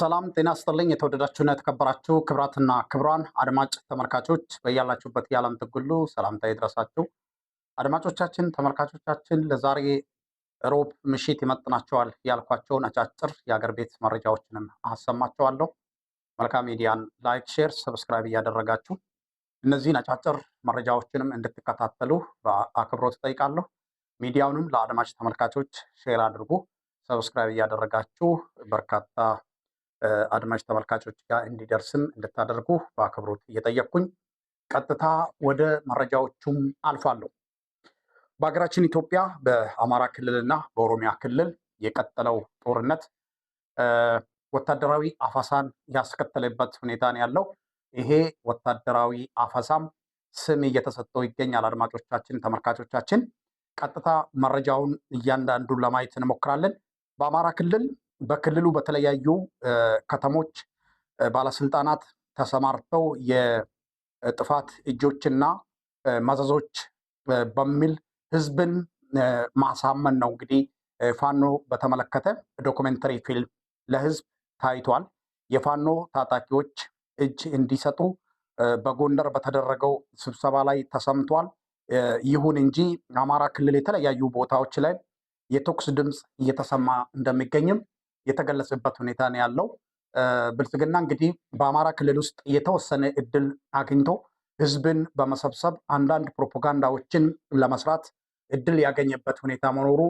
ሰላም ጤና ስጥልኝ። የተወደዳችሁና የተከበራችሁ ክብራትና ክብሯን አድማጭ ተመልካቾች በያላችሁበት የዓለም ትጉሉ ሰላምታ ይድረሳችሁ። አድማጮቻችን፣ ተመልካቾቻችን ለዛሬ ሮብ ምሽት ይመጥናቸዋል ያልኳቸውን አጫጭር የአገር ቤት መረጃዎችንም አሰማቸዋለሁ። መልካም ሚዲያን ላይክ፣ ሼር፣ ሰብስክራይብ እያደረጋችሁ እነዚህን አጫጭር መረጃዎችንም እንድትከታተሉ በአክብሮት ጠይቃለሁ። ሚዲያውንም ለአድማጭ ተመልካቾች ሼር አድርጉ፣ ሰብስክራይብ እያደረጋችሁ በርካታ አድማጭ ተመልካቾች ጋር እንዲደርስም እንድታደርጉ በአክብሮት እየጠየቅኩኝ ቀጥታ ወደ መረጃዎቹም አልፋለሁ። በሀገራችን ኢትዮጵያ በአማራ ክልልና በኦሮሚያ ክልል የቀጠለው ጦርነት ወታደራዊ አፈሳን ያስከተለበት ሁኔታ ነው ያለው። ይሄ ወታደራዊ አፈሳም ስም እየተሰጠው ይገኛል። አድማጮቻችን፣ ተመልካቾቻችን ቀጥታ መረጃውን እያንዳንዱን ለማየት እንሞክራለን። በአማራ ክልል በክልሉ በተለያዩ ከተሞች ባለስልጣናት ተሰማርተው የጥፋት እጆችና መዘዞች በሚል ህዝብን ማሳመን ነው። እንግዲህ ፋኖ በተመለከተ ዶኩሜንተሪ ፊልም ለህዝብ ታይቷል። የፋኖ ታጣቂዎች እጅ እንዲሰጡ በጎንደር በተደረገው ስብሰባ ላይ ተሰምቷል። ይሁን እንጂ አማራ ክልል የተለያዩ ቦታዎች ላይ የተኩስ ድምፅ እየተሰማ እንደሚገኝም የተገለጸበት ሁኔታ ነው ያለው። ብልጽግና እንግዲህ በአማራ ክልል ውስጥ የተወሰነ እድል አግኝቶ ህዝብን በመሰብሰብ አንዳንድ ፕሮፓጋንዳዎችን ለመስራት እድል ያገኘበት ሁኔታ መኖሩ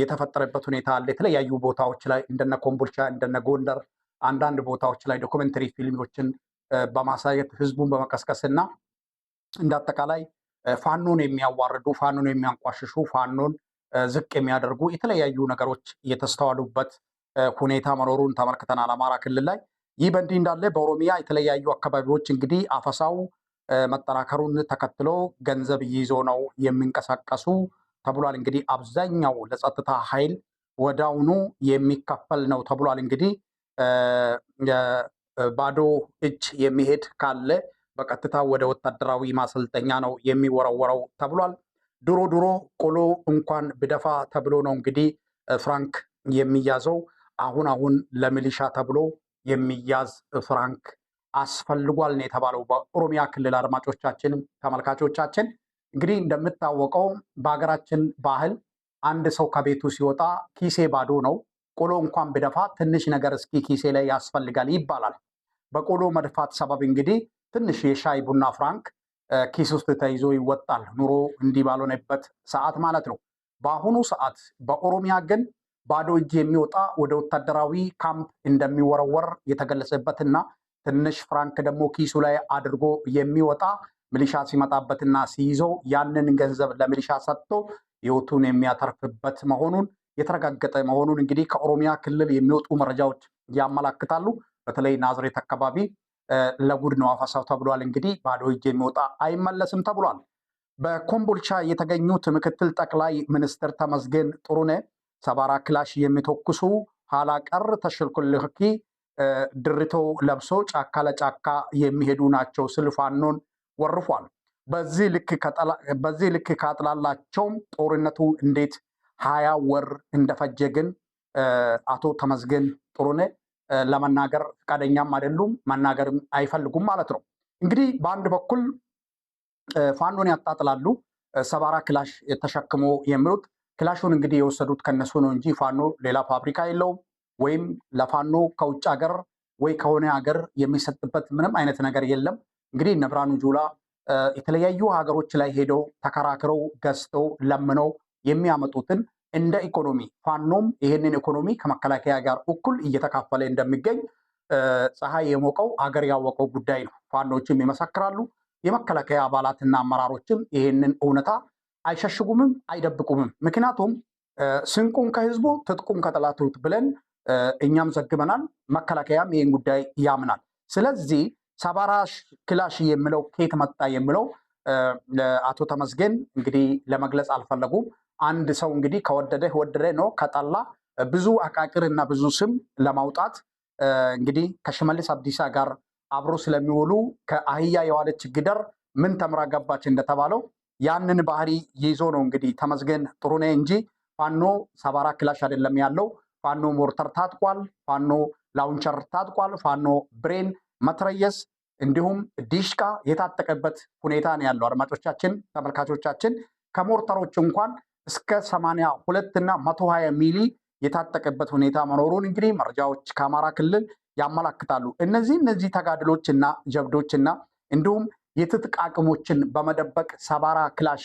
የተፈጠረበት ሁኔታ አለ። የተለያዩ ቦታዎች ላይ እንደነ ኮምቦልቻ እንደነ ጎንደር አንዳንድ ቦታዎች ላይ ዶኩመንተሪ ፊልሞችን በማሳየት ህዝቡን በመቀስቀስ እና እንደ አጠቃላይ ፋኖን የሚያዋርዱ ፋኖን የሚያንቋሽሹ ፋኖን ዝቅ የሚያደርጉ የተለያዩ ነገሮች የተስተዋሉበት ሁኔታ መኖሩን ተመልክተናል አማራ ክልል ላይ። ይህ በእንዲህ እንዳለ በኦሮሚያ የተለያዩ አካባቢዎች እንግዲህ አፈሳው መጠናከሩን ተከትሎ ገንዘብ ይዘው ነው የሚንቀሳቀሱ ተብሏል። እንግዲህ አብዛኛው ለጸጥታ ኃይል ወዳውኑ የሚከፈል ነው ተብሏል። እንግዲህ ባዶ እጅ የሚሄድ ካለ በቀጥታ ወደ ወታደራዊ ማሰልጠኛ ነው የሚወረወረው ተብሏል። ድሮ ድሮ ቆሎ እንኳን ብደፋ ተብሎ ነው እንግዲህ ፍራንክ የሚያዘው። አሁን አሁን ለሚሊሻ ተብሎ የሚያዝ ፍራንክ አስፈልጓል ነው የተባለው በኦሮሚያ ክልል። አድማጮቻችን፣ ተመልካቾቻችን እንግዲህ እንደምታወቀው በሀገራችን ባህል አንድ ሰው ከቤቱ ሲወጣ ኪሴ ባዶ ነው፣ ቆሎ እንኳን ብደፋ ትንሽ ነገር እስኪ ኪሴ ላይ ያስፈልጋል ይባላል። በቆሎ መድፋት ሰበብ እንግዲህ ትንሽ የሻይ ቡና ፍራንክ ኪስ ውስጥ ተይዞ ይወጣል። ኑሮ እንዲህ ባልሆነበት ሰዓት ማለት ነው። በአሁኑ ሰዓት በኦሮሚያ ግን ባዶ እጅ የሚወጣ ወደ ወታደራዊ ካምፕ እንደሚወረወር የተገለጸበትና ትንሽ ፍራንክ ደግሞ ኪሱ ላይ አድርጎ የሚወጣ ሚሊሻ ሲመጣበትና ሲይዘው ያንን ገንዘብ ለሚሊሻ ሰጥቶ ህይወቱን የሚያተርፍበት መሆኑን የተረጋገጠ መሆኑን እንግዲህ ከኦሮሚያ ክልል የሚወጡ መረጃዎች ያመላክታሉ። በተለይ ናዝሬት አካባቢ ለጉድ ነው አፈሳው ተብሏል። እንግዲህ ባዶ እጅ የሚወጣ አይመለስም ተብሏል። በኮምቦልቻ የተገኙት ምክትል ጠቅላይ ሚኒስትር ተመስገን ጥሩነህ ሰባራ ክላሽ የሚተኩሱ ኋላ ቀር ተሽልኩልኪ ድርቶ ለብሶ ጫካ ለጫካ የሚሄዱ ናቸው ስል ፋኖን ወርፏል። በዚህ ልክ ካጥላላቸውም ጦርነቱ እንዴት ሀያ ወር እንደፈጀ ግን አቶ ተመስገን ጥሩነ ለመናገር ፈቃደኛም አይደሉም፣ መናገርም አይፈልጉም ማለት ነው። እንግዲህ በአንድ በኩል ፋኖን ያጣጥላሉ ሰባራ ክላሽ ተሸክሞ የሚሉት ክላሹን እንግዲህ የወሰዱት ከነሱ ነው እንጂ ፋኖ ሌላ ፋብሪካ የለውም ወይም ለፋኖ ከውጭ ሀገር ወይ ከሆነ ሀገር የሚሰጥበት ምንም አይነት ነገር የለም። እንግዲህ ነብራኑ ጁላ የተለያዩ ሀገሮች ላይ ሄደው ተከራክረው ገዝተው ለምነው የሚያመጡትን እንደ ኢኮኖሚ ፋኖም ይህንን ኢኮኖሚ ከመከላከያ ጋር እኩል እየተካፈለ እንደሚገኝ ፀሐይ የሞቀው ሀገር ያወቀው ጉዳይ ነው። ፋኖችም ይመሰክራሉ። የመከላከያ አባላትና አመራሮችም ይህንን እውነታ አይሸሽጉምም፣ አይደብቁምም። ምክንያቱም ስንቁን ከህዝቡ ትጥቁን ከጠላቱት ብለን እኛም ዘግበናል። መከላከያም ይህን ጉዳይ ያምናል። ስለዚህ ሰባራ ክላሽ የሚለው ኬት መጣ የሚለው አቶ ተመስገን እንግዲህ ለመግለጽ አልፈለጉም። አንድ ሰው እንግዲህ ከወደደ ወደደ ነው፣ ከጠላ ብዙ አቃቅር እና ብዙ ስም ለማውጣት እንግዲህ ከሽመልስ አብዲሳ ጋር አብሮ ስለሚውሉ ከአህያ የዋለች ግደር ምን ተምራ ገባች እንደተባለው ያንን ባህሪ ይዞ ነው እንግዲህ ተመስገን ጥሩኔ እንጂ ፋኖ ሰባ አራት ክላሽ አይደለም ያለው። ፋኖ ሞርተር ታጥቋል። ፋኖ ላውንቸር ታጥቋል። ፋኖ ብሬን መትረየስ እንዲሁም ዲሽቃ የታጠቀበት ሁኔታ ነው ያለው። አድማጮቻችን፣ ተመልካቾቻችን ከሞርተሮች እንኳን እስከ ሰማንያ ሁለት እና መቶ ሀያ ሚሊ የታጠቀበት ሁኔታ መኖሩን እንግዲህ መረጃዎች ከአማራ ክልል ያመላክታሉ። እነዚህ እነዚህ ተጋድሎች እና ጀብዶች እና እንዲሁም የትጥቅ አቅሞችን በመደበቅ ሰባራ ክላሽ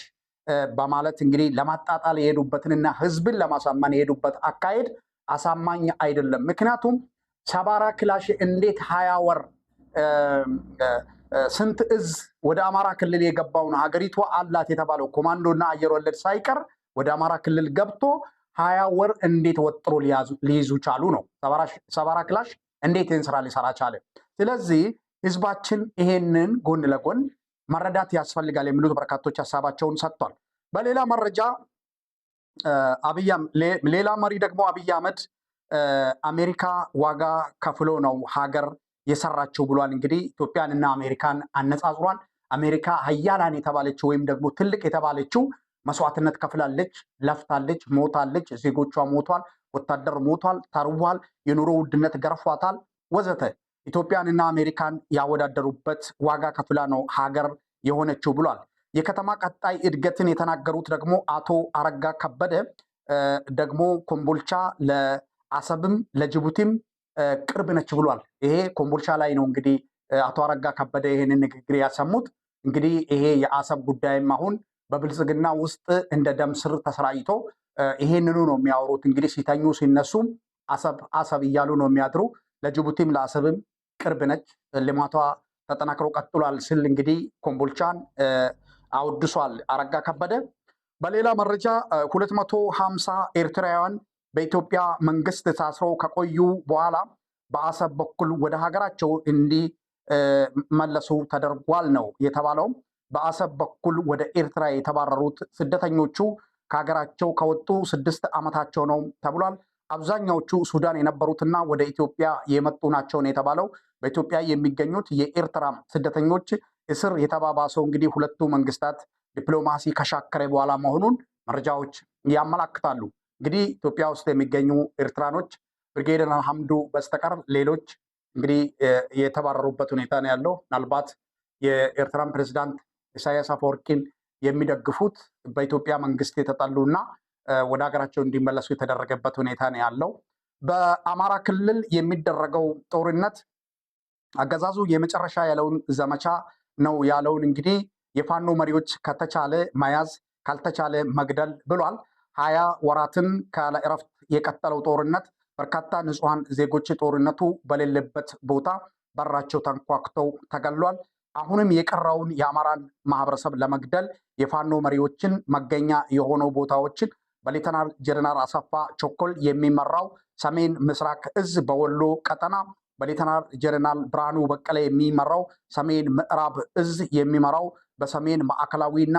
በማለት እንግዲህ ለማጣጣል የሄዱበትንና ህዝብን ለማሳመን የሄዱበት አካሄድ አሳማኝ አይደለም። ምክንያቱም ሰባራ ክላሽ እንዴት ሀያ ወር ስንት እዝ ወደ አማራ ክልል የገባውን ሀገሪቷ አላት የተባለው ኮማንዶና አየር ወለድ ሳይቀር ወደ አማራ ክልል ገብቶ ሀያ ወር እንዴት ወጥሮ ሊይዙ ቻሉ ነው። ሰባራ ክላሽ እንዴት ይህን ስራ ሊሰራ ቻለ? ስለዚህ ህዝባችን ይሄንን ጎን ለጎን መረዳት ያስፈልጋል የሚሉት በርካቶች ሀሳባቸውን ሰጥቷል። በሌላ መረጃ ሌላ መሪ ደግሞ አብይ አህመድ አሜሪካ ዋጋ ከፍሎ ነው ሀገር የሰራችው ብሏል። እንግዲህ ኢትዮጵያንና አሜሪካን አነጻጽሯል። አሜሪካ ሀያላን የተባለችው ወይም ደግሞ ትልቅ የተባለችው መስዋዕትነት ከፍላለች፣ ለፍታለች፣ ሞታለች፣ ዜጎቿ ሞቷል፣ ወታደር ሞቷል፣ ተርቧል፣ የኑሮ ውድነት ገርፏታል፣ ወዘተ ኢትዮጵያንና አሜሪካን ያወዳደሩበት ዋጋ ከፍላ ነው ሀገር የሆነችው ብሏል። የከተማ ቀጣይ እድገትን የተናገሩት ደግሞ አቶ አረጋ ከበደ ደግሞ ኮምቦልቻ ለአሰብም ለጅቡቲም ቅርብ ነች ብሏል። ይሄ ኮምቦልቻ ላይ ነው እንግዲህ አቶ አረጋ ከበደ ይህንን ንግግር ያሰሙት። እንግዲህ ይሄ የአሰብ ጉዳይም አሁን በብልጽግና ውስጥ እንደ ደም ስር ተሰራጭቶ ይሄንኑ ነው የሚያወሩት። እንግዲህ ሲተኙ ሲነሱም አሰብ አሰብ እያሉ ነው የሚያድሩ። ለጅቡቲም ለአሰብም ቅርብ ነች፣ ልማቷ ተጠናክሮ ቀጥሏል ሲል እንግዲህ ኮምቦልቻን አውድሷል አረጋ ከበደ። በሌላ መረጃ 250 ኤርትራውያን በኢትዮጵያ መንግስት ታስረው ከቆዩ በኋላ በአሰብ በኩል ወደ ሀገራቸው እንዲመለሱ ተደርጓል ነው የተባለውም። በአሰብ በኩል ወደ ኤርትራ የተባረሩት ስደተኞቹ ከሀገራቸው ከወጡ ስድስት ዓመታቸው ነው ተብሏል። አብዛኛዎቹ ሱዳን የነበሩትና ወደ ኢትዮጵያ የመጡ ናቸው የተባለው። በኢትዮጵያ የሚገኙት የኤርትራ ስደተኞች እስር የተባባሰው እንግዲህ ሁለቱ መንግስታት ዲፕሎማሲ ከሻከረ በኋላ መሆኑን መረጃዎች ያመላክታሉ። እንግዲህ ኢትዮጵያ ውስጥ የሚገኙ ኤርትራኖች ብርጌደር ሐምዱ በስተቀር ሌሎች እንግዲህ የተባረሩበት ሁኔታ ነው ያለው። ምናልባት የኤርትራን ፕሬዚዳንት ኢሳያስ አፈወርቂን የሚደግፉት በኢትዮጵያ መንግስት የተጠሉና ወደ ሀገራቸው እንዲመለሱ የተደረገበት ሁኔታ ነው ያለው። በአማራ ክልል የሚደረገው ጦርነት አገዛዙ የመጨረሻ ያለውን ዘመቻ ነው ያለውን እንግዲህ የፋኖ መሪዎች ከተቻለ መያዝ ካልተቻለ መግደል ብሏል። ሀያ ወራትን ካለ እረፍት የቀጠለው ጦርነት በርካታ ንጹሐን ዜጎች ጦርነቱ በሌለበት ቦታ በራቸው ተንኳክተው ተገሏል። አሁንም የቀረውን የአማራን ማህበረሰብ ለመግደል የፋኖ መሪዎችን መገኛ የሆኑ ቦታዎችን በሌተናል ጀነራል አሰፋ ቸኮል የሚመራው ሰሜን ምስራቅ እዝ በወሎ ቀጠና በሌተናል ጀነራል ብርሃኑ በቀለ የሚመራው ሰሜን ምዕራብ እዝ የሚመራው በሰሜን ማዕከላዊና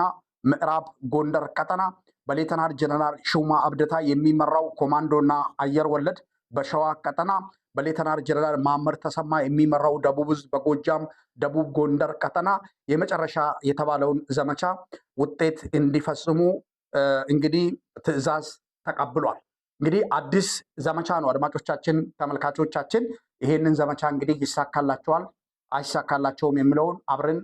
ምዕራብ ጎንደር ቀጠና በሌተናል ጀነራል ሹማ አብደታ የሚመራው ኮማንዶና አየር ወለድ በሸዋ ቀጠና በሌተናል ጀነራል ማመር ተሰማ የሚመራው ደቡብ እዝ በጎጃም ደቡብ ጎንደር ቀጠና የመጨረሻ የተባለውን ዘመቻ ውጤት እንዲፈጽሙ እንግዲህ ትዕዛዝ ተቀብሏል። እንግዲህ አዲስ ዘመቻ ነው። አድማጮቻችን፣ ተመልካቾቻችን ይሄንን ዘመቻ እንግዲህ ይሳካላቸዋል አይሳካላቸውም የሚለውን አብረን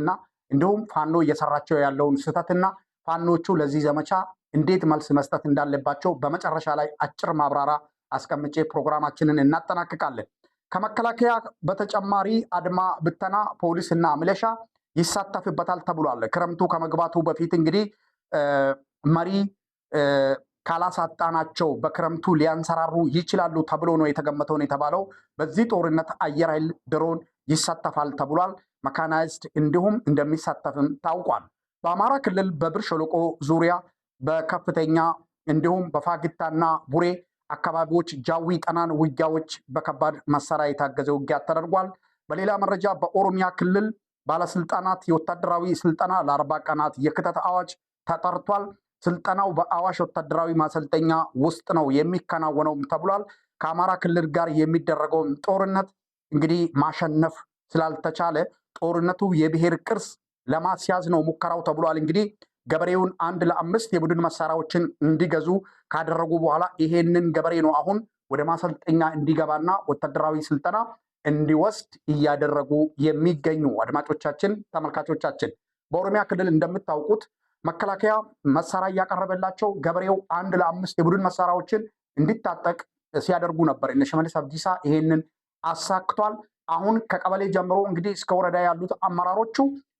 እና እንዲሁም ፋኖ እየሰራቸው ያለውን ስህተትና ፋኖቹ ለዚህ ዘመቻ እንዴት መልስ መስጠት እንዳለባቸው በመጨረሻ ላይ አጭር ማብራራ አስቀምጬ ፕሮግራማችንን እናጠናቅቃለን። ከመከላከያ በተጨማሪ አድማ ብተና ፖሊስና ምለሻ ይሳተፍበታል ተብሏል። ክረምቱ ከመግባቱ በፊት እንግዲህ መሪ ካላሳጣናቸው በክረምቱ ሊያንሰራሩ ይችላሉ ተብሎ ነው ነው የተባለው። በዚህ ጦርነት አየር ኃይል ድሮን ይሳተፋል ተብሏል። መካናይዝድ እንዲሁም እንደሚሳተፍም ታውቋል። በአማራ ክልል በብር ሸለቆ ዙሪያ በከፍተኛ እንዲሁም በፋግታና ቡሬ አካባቢዎች ጃዊ ጠናን ውጊያዎች በከባድ መሳሪያ የታገዘ ውጊያ ተደርጓል። በሌላ መረጃ በኦሮሚያ ክልል ባለስልጣናት የወታደራዊ ስልጠና ለአርባ ቀናት የክተት አዋጅ ተጠርቷል። ስልጠናው በአዋሽ ወታደራዊ ማሰልጠኛ ውስጥ ነው የሚከናወነውም ተብሏል። ከአማራ ክልል ጋር የሚደረገውም ጦርነት እንግዲህ ማሸነፍ ስላልተቻለ ጦርነቱ የብሔር ቅርስ ለማስያዝ ነው ሙከራው ተብሏል። እንግዲህ ገበሬውን አንድ ለአምስት የቡድን መሳሪያዎችን እንዲገዙ ካደረጉ በኋላ ይሄንን ገበሬ ነው አሁን ወደ ማሰልጠኛ እንዲገባና ወታደራዊ ስልጠና እንዲወስድ እያደረጉ የሚገኙ አድማጮቻችን፣ ተመልካቾቻችን በኦሮሚያ ክልል እንደምታውቁት መከላከያ መሳሪያ እያቀረበላቸው ገበሬው አንድ ለአምስት የቡድን መሳሪያዎችን እንዲታጠቅ ሲያደርጉ ነበር። እነ ሽመልስ አብዲሳ ይሄንን አሳክቷል። አሁን ከቀበሌ ጀምሮ እንግዲህ እስከ ወረዳ ያሉት አመራሮቹ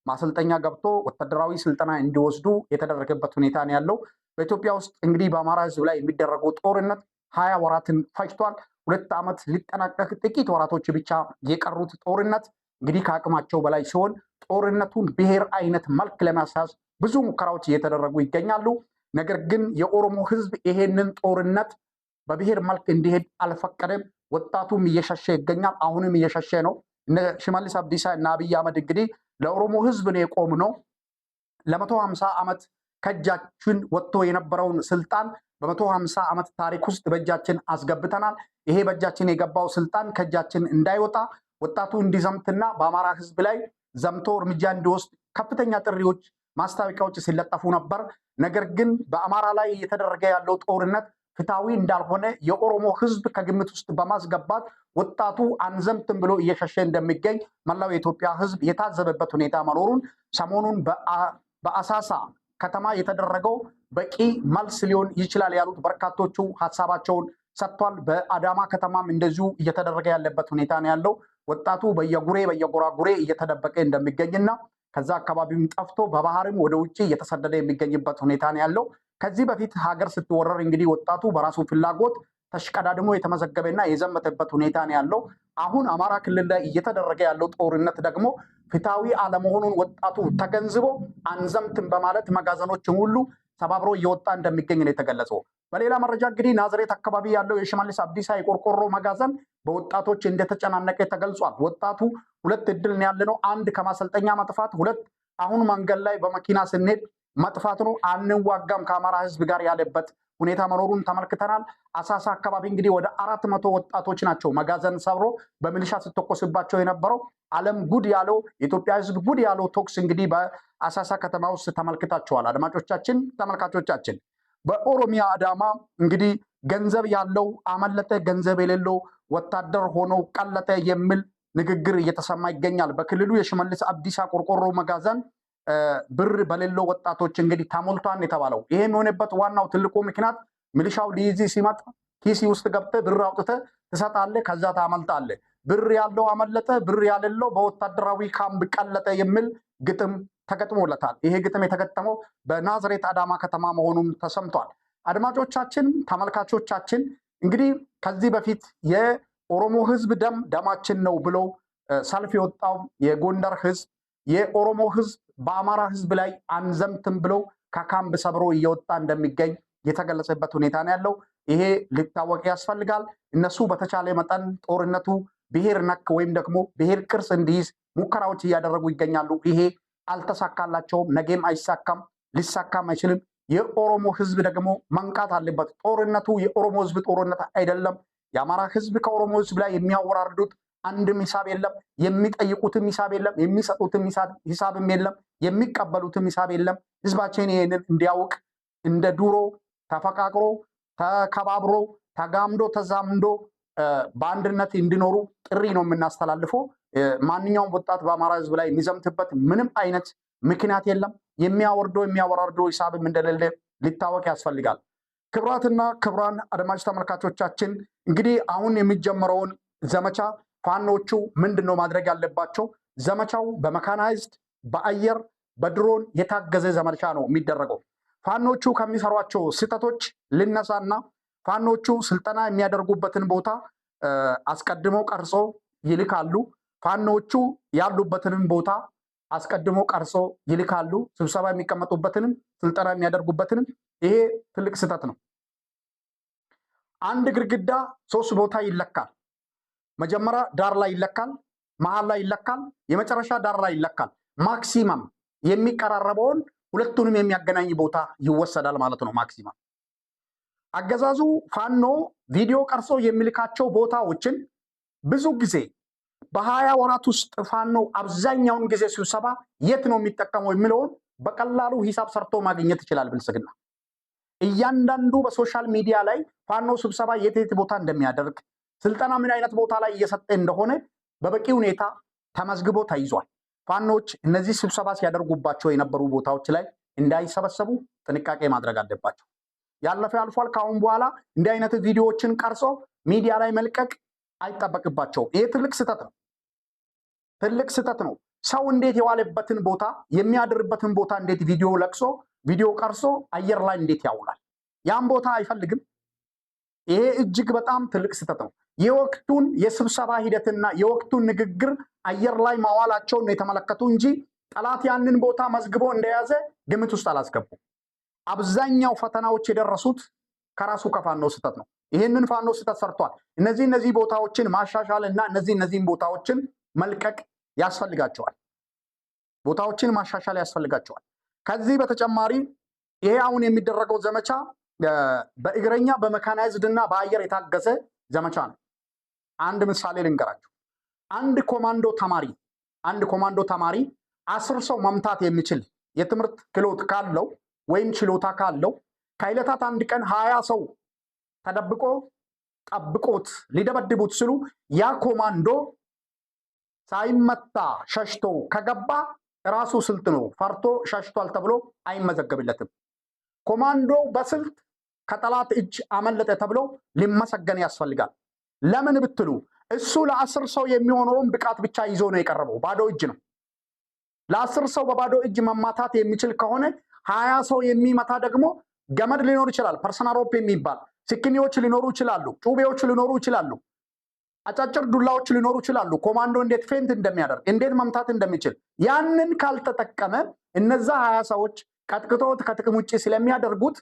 ማሰልጠኛ ገብቶ ወታደራዊ ስልጠና እንዲወስዱ የተደረገበት ሁኔታ ነው ያለው። በኢትዮጵያ ውስጥ እንግዲህ በአማራ ሕዝብ ላይ የሚደረገው ጦርነት ሀያ ወራትን ፈጅቷል። ሁለት ዓመት ሊጠናቀቅ ጥቂት ወራቶች ብቻ የቀሩት ጦርነት እንግዲህ ከአቅማቸው በላይ ሲሆን ጦርነቱን ብሔር አይነት መልክ ለማስያዝ ብዙ ሙከራዎች እየተደረጉ ይገኛሉ። ነገር ግን የኦሮሞ ህዝብ ይሄንን ጦርነት በብሔር መልክ እንዲሄድ አልፈቀደም። ወጣቱም እየሸሸ ይገኛል። አሁንም እየሸሸ ነው። ሽመልስ አብዲሳ እና አብይ አህመድ እንግዲህ ለኦሮሞ ህዝብ ነው የቆም ነው ለመቶ ሀምሳ ዓመት ከእጃችን ወጥቶ የነበረውን ስልጣን በመቶ ሀምሳ ዓመት ታሪክ ውስጥ በእጃችን አስገብተናል። ይሄ በእጃችን የገባው ስልጣን ከእጃችን እንዳይወጣ ወጣቱ እንዲዘምትና በአማራ ህዝብ ላይ ዘምቶ እርምጃ እንዲወስድ ከፍተኛ ጥሪዎች ማስታወቂያዎች ሲለጠፉ ነበር። ነገር ግን በአማራ ላይ እየተደረገ ያለው ጦርነት ፍትሐዊ እንዳልሆነ የኦሮሞ ሕዝብ ከግምት ውስጥ በማስገባት ወጣቱ አንዘምትም ብሎ እየሸሸ እንደሚገኝ መላው የኢትዮጵያ ሕዝብ የታዘበበት ሁኔታ መኖሩን ሰሞኑን በአሳሳ ከተማ የተደረገው በቂ መልስ ሊሆን ይችላል ያሉት በርካቶቹ ሀሳባቸውን ሰጥቷል። በአዳማ ከተማም እንደዚሁ እየተደረገ ያለበት ሁኔታ ነው ያለው። ወጣቱ በየጉሬ በየጎራጉሬ እየተደበቀ እንደሚገኝና ከዛ አካባቢም ጠፍቶ በባህርም ወደ ውጭ እየተሰደደ የሚገኝበት ሁኔታ ነው ያለው። ከዚህ በፊት ሀገር ስትወረር እንግዲህ ወጣቱ በራሱ ፍላጎት ተሽቀዳድሞ የተመዘገበና የዘመተበት ሁኔታ ነው ያለው። አሁን አማራ ክልል ላይ እየተደረገ ያለው ጦርነት ደግሞ ፍትሐዊ አለመሆኑን ወጣቱ ተገንዝቦ አንዘምትን በማለት መጋዘኖችን ሁሉ ሰባብሮ እየወጣ እንደሚገኝ ነው የተገለጸው። በሌላ መረጃ እንግዲህ ናዝሬት አካባቢ ያለው የሽመልስ አብዲሳ የቆርቆሮ መጋዘን በወጣቶች እንደተጨናነቀ ተገልጿል። ወጣቱ ሁለት እድል ነው ያለነው። አንድ ከማሰልጠኛ መጥፋት፣ ሁለት አሁን መንገድ ላይ በመኪና ስንሄድ መጥፋት ነው። አንዋጋም ከአማራ ህዝብ ጋር ያለበት ሁኔታ መኖሩን ተመልክተናል። አሳሳ አካባቢ እንግዲህ ወደ አራት መቶ ወጣቶች ናቸው መጋዘን ሰብሮ በሚሊሻ ስተኮስባቸው የነበረው ዓለም ጉድ ያለው የኢትዮጵያ ህዝብ ጉድ ያለው ቶክስ እንግዲህ በአሳሳ ከተማ ውስጥ ተመልክታቸዋል። አድማጮቻችን፣ ተመልካቾቻችን በኦሮሚያ አዳማ እንግዲህ ገንዘብ ያለው አመለጠ፣ ገንዘብ የሌለው ወታደር ሆኖ ቀለጠ የሚል ንግግር እየተሰማ ይገኛል። በክልሉ የሽመልስ አብዲሳ ቆርቆሮ መጋዘን ብር በሌለው ወጣቶች እንግዲህ ተሞልቷን የተባለው ይሄ የሆነበት ዋናው ትልቁ ምክንያት ሚሊሻው ሊይዝ ሲመጣ ኪሲ ውስጥ ገብተ ብር አውጥተ ትሰጣለ፣ ከዛ ታመልጣለ። ብር ያለው አመለጠ፣ ብር ያሌለው በወታደራዊ ካምብ ቀለጠ የሚል ግጥም ተገጥሞለታል። ይሄ ግጥም የተገጠመው በናዝሬት አዳማ ከተማ መሆኑም ተሰምቷል። አድማጮቻችን፣ ተመልካቾቻችን እንግዲህ ከዚህ በፊት ኦሮሞ ህዝብ ደም ደማችን ነው ብሎ ሰልፍ የወጣው የጎንደር ህዝብ የኦሮሞ ህዝብ በአማራ ህዝብ ላይ አንዘምትም ብሎ ከካምብ ሰብሮ እየወጣ እንደሚገኝ የተገለጸበት ሁኔታ ነው ያለው። ይሄ ሊታወቅ ያስፈልጋል። እነሱ በተቻለ መጠን ጦርነቱ ብሔር ነክ ወይም ደግሞ ብሔር ቅርስ እንዲይዝ ሙከራዎች እያደረጉ ይገኛሉ። ይሄ አልተሳካላቸውም፣ ነገም አይሳካም፣ ሊሳካም አይችልም። የኦሮሞ ህዝብ ደግሞ መንቃት አለበት። ጦርነቱ የኦሮሞ ህዝብ ጦርነት አይደለም። የአማራ ህዝብ ከኦሮሞ ህዝብ ላይ የሚያወራርዱት አንድም ሂሳብ የለም። የሚጠይቁትም ሂሳብ የለም። የሚሰጡትም ሂሳብም የለም። የሚቀበሉትም ሂሳብ የለም። ህዝባችን ይህንን እንዲያውቅ እንደ ድሮ ተፈቃቅሮ ተከባብሮ ተጋምዶ ተዛምዶ በአንድነት እንዲኖሩ ጥሪ ነው የምናስተላልፈው። ማንኛውም ወጣት በአማራ ህዝብ ላይ የሚዘምትበት ምንም አይነት ምክንያት የለም። የሚያወርዶ የሚያወራርዶ ሂሳብም እንደሌለ ሊታወቅ ያስፈልጋል። ክብራትና ክብራን አድማጭ ተመልካቾቻችን እንግዲህ አሁን የሚጀምረውን ዘመቻ ፋኖቹ ምንድን ነው ማድረግ ያለባቸው? ዘመቻው በመካናይዝድ በአየር በድሮን የታገዘ ዘመቻ ነው የሚደረገው። ፋኖቹ ከሚሰሯቸው ስህተቶች ልነሳና ፋኖቹ ስልጠና የሚያደርጉበትን ቦታ አስቀድሞ ቀርጾ ይልካሉ። ፋኖቹ ያሉበትንም ቦታ አስቀድሞ ቀርጾ ይልካሉ። ስብሰባ የሚቀመጡበትንም ስልጠና የሚያደርጉበትንም ይሄ ትልቅ ስህተት ነው። አንድ ግድግዳ ሶስት ቦታ ይለካል። መጀመሪያ ዳር ላይ ይለካል፣ መሀል ላይ ይለካል፣ የመጨረሻ ዳር ላይ ይለካል። ማክሲመም የሚቀራረበውን ሁለቱንም የሚያገናኝ ቦታ ይወሰዳል ማለት ነው። ማክሲመም አገዛዙ ፋኖ ቪዲዮ ቀርጾ የሚልካቸው ቦታዎችን ብዙ ጊዜ በሀያ ወራት ውስጥ ፋኖ አብዛኛውን ጊዜ ስብሰባ የት ነው የሚጠቀመው የሚለውን በቀላሉ ሂሳብ ሰርቶ ማግኘት ይችላል ብልጽግና። እያንዳንዱ በሶሻል ሚዲያ ላይ ፋኖ ስብሰባ የት የት ቦታ እንደሚያደርግ፣ ስልጠና ምን አይነት ቦታ ላይ እየሰጠ እንደሆነ በበቂ ሁኔታ ተመዝግቦ ተይዟል። ፋኖች እነዚህ ስብሰባ ሲያደርጉባቸው የነበሩ ቦታዎች ላይ እንዳይሰበሰቡ ጥንቃቄ ማድረግ አለባቸው። ያለፈ አልፏል። ከአሁን በኋላ እንዲህ አይነት ቪዲዮዎችን ቀርጾ ሚዲያ ላይ መልቀቅ አይጠበቅባቸውም። ይሄ ትልቅ ስህተት ነው፣ ትልቅ ስህተት ነው። ሰው እንዴት የዋለበትን ቦታ የሚያድርበትን ቦታ እንዴት ቪዲዮ ለቅሶ ቪዲዮ ቀርሶ አየር ላይ እንዴት ያውላል? ያን ቦታ አይፈልግም። ይሄ እጅግ በጣም ትልቅ ስህተት ነው። የወቅቱን የስብሰባ ሂደትና የወቅቱን ንግግር አየር ላይ ማዋላቸውን የተመለከቱ እንጂ ጠላት ያንን ቦታ መዝግቦ እንደያዘ ግምት ውስጥ አላስገቡ። አብዛኛው ፈተናዎች የደረሱት ከራሱ ከፋኖ ስህተት ነው። ይህንን ፋኖ ስህተት ሰርቷል። እነዚህ እነዚህ ቦታዎችን ማሻሻል እና እነዚህ እነዚህን ቦታዎችን መልቀቅ ያስፈልጋቸዋል። ቦታዎችን ማሻሻል ያስፈልጋቸዋል። ከዚህ በተጨማሪ ይሄ አሁን የሚደረገው ዘመቻ በእግረኛ በመካናይዝድ እና በአየር የታገዘ ዘመቻ ነው። አንድ ምሳሌ ልንገራችሁ። አንድ ኮማንዶ ተማሪ አንድ ኮማንዶ ተማሪ አስር ሰው መምታት የሚችል የትምህርት ክህሎት ካለው ወይም ችሎታ ካለው ከዕለታት አንድ ቀን ሀያ ሰው ተደብቆ ጠብቆት ሊደበድቡት ስሉ ያ ኮማንዶ ሳይመታ ሸሽቶ ከገባ ራሱ ስልት ነው። ፈርቶ ሸሽቷል ተብሎ አይመዘገብለትም። ኮማንዶው በስልት ከጠላት እጅ አመለጠ ተብሎ ሊመሰገን ያስፈልጋል። ለምን ብትሉ እሱ ለአስር ሰው የሚሆነውን ብቃት ብቻ ይዞ ነው የቀረበው። ባዶ እጅ ነው። ለአስር ሰው በባዶ እጅ መማታት የሚችል ከሆነ ሀያ ሰው የሚመታ ደግሞ ገመድ ሊኖር ይችላል። ፐርሰናሮፕ የሚባል ስክኒዎች ሊኖሩ ይችላሉ። ጩቤዎች ሊኖሩ ይችላሉ። አጫጭር ዱላዎች ሊኖሩ ይችላሉ። ኮማንዶ እንዴት ፌንት እንደሚያደርግ እንዴት መምታት እንደሚችል ያንን ካልተጠቀመ እነዛ ሀያ ሰዎች ቀጥቅቶት ከጥቅም ውጭ ስለሚያደርጉት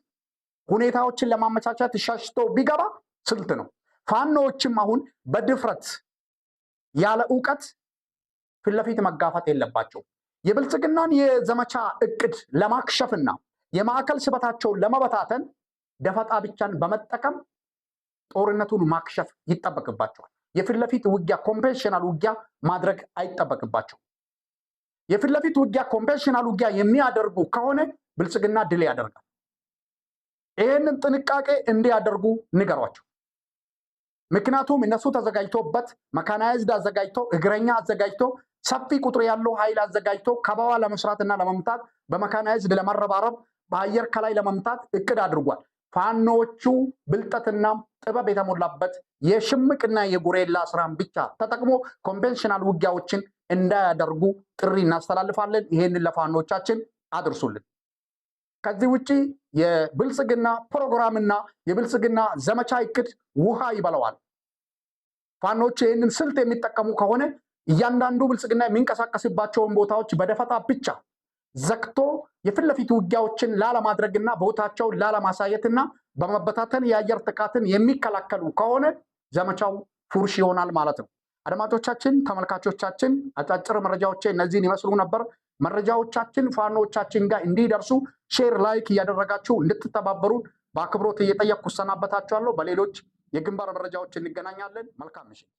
ሁኔታዎችን ለማመቻቸት ሸሽቶ ቢገባ ስልት ነው። ፋኖዎችም አሁን በድፍረት ያለ እውቀት ፊት ለፊት መጋፈጥ የለባቸው። የብልጽግናን የዘመቻ እቅድ ለማክሸፍና የማዕከል ስበታቸውን ለመበታተን ደፈጣ ብቻን በመጠቀም ጦርነቱን ማክሸፍ ይጠበቅባቸዋል። የፊት ለፊት ውጊያ ኮንቬንሽናል ውጊያ ማድረግ አይጠበቅባቸው። የፊት ለፊት ውጊያ ኮንቬንሽናል ውጊያ የሚያደርጉ ከሆነ ብልጽግና ድል ያደርጋል። ይህንን ጥንቃቄ እንዲያደርጉ ንገሯቸው። ምክንያቱም እነሱ ተዘጋጅቶበት መካናይዝድ አዘጋጅቶ እግረኛ አዘጋጅቶ ሰፊ ቁጥር ያለው ኃይል አዘጋጅቶ ከበባ ለመስራትና ለመምታት በመካናይዝድ ለመረባረብ በአየር ከላይ ለመምታት እቅድ አድርጓል። ፋኖዎቹ ብልጠትና ጥበብ የተሞላበት የሽምቅና የጉሬላ ስራን ብቻ ተጠቅሞ ኮንቬንሽናል ውጊያዎችን እንዳያደርጉ ጥሪ እናስተላልፋለን። ይሄንን ለፋኖቻችን አድርሱልን። ከዚህ ውጭ የብልጽግና ፕሮግራምና የብልጽግና ዘመቻ እቅድ ውሃ ይበለዋል። ፋኖች ይህንን ስልት የሚጠቀሙ ከሆነ እያንዳንዱ ብልጽግና የሚንቀሳቀስባቸውን ቦታዎች በደፈጣ ብቻ ዘግቶ የፊት ለፊት ውጊያዎችን ላለማድረግና ቦታቸውን ላለማሳየትና በመበታተን የአየር ጥቃትን የሚከላከሉ ከሆነ ዘመቻው ፉርሽ ይሆናል ማለት ነው። አድማጮቻችን፣ ተመልካቾቻችን አጫጭር መረጃዎች እነዚህን ይመስሉ ነበር። መረጃዎቻችን ፋኖቻችን ጋር እንዲደርሱ ሼር፣ ላይክ እያደረጋችሁ እንድትተባበሩን በአክብሮት እየጠየቅኩ እሰናበታችኋለሁ። በሌሎች የግንባር መረጃዎች እንገናኛለን። መልካም ምሽት።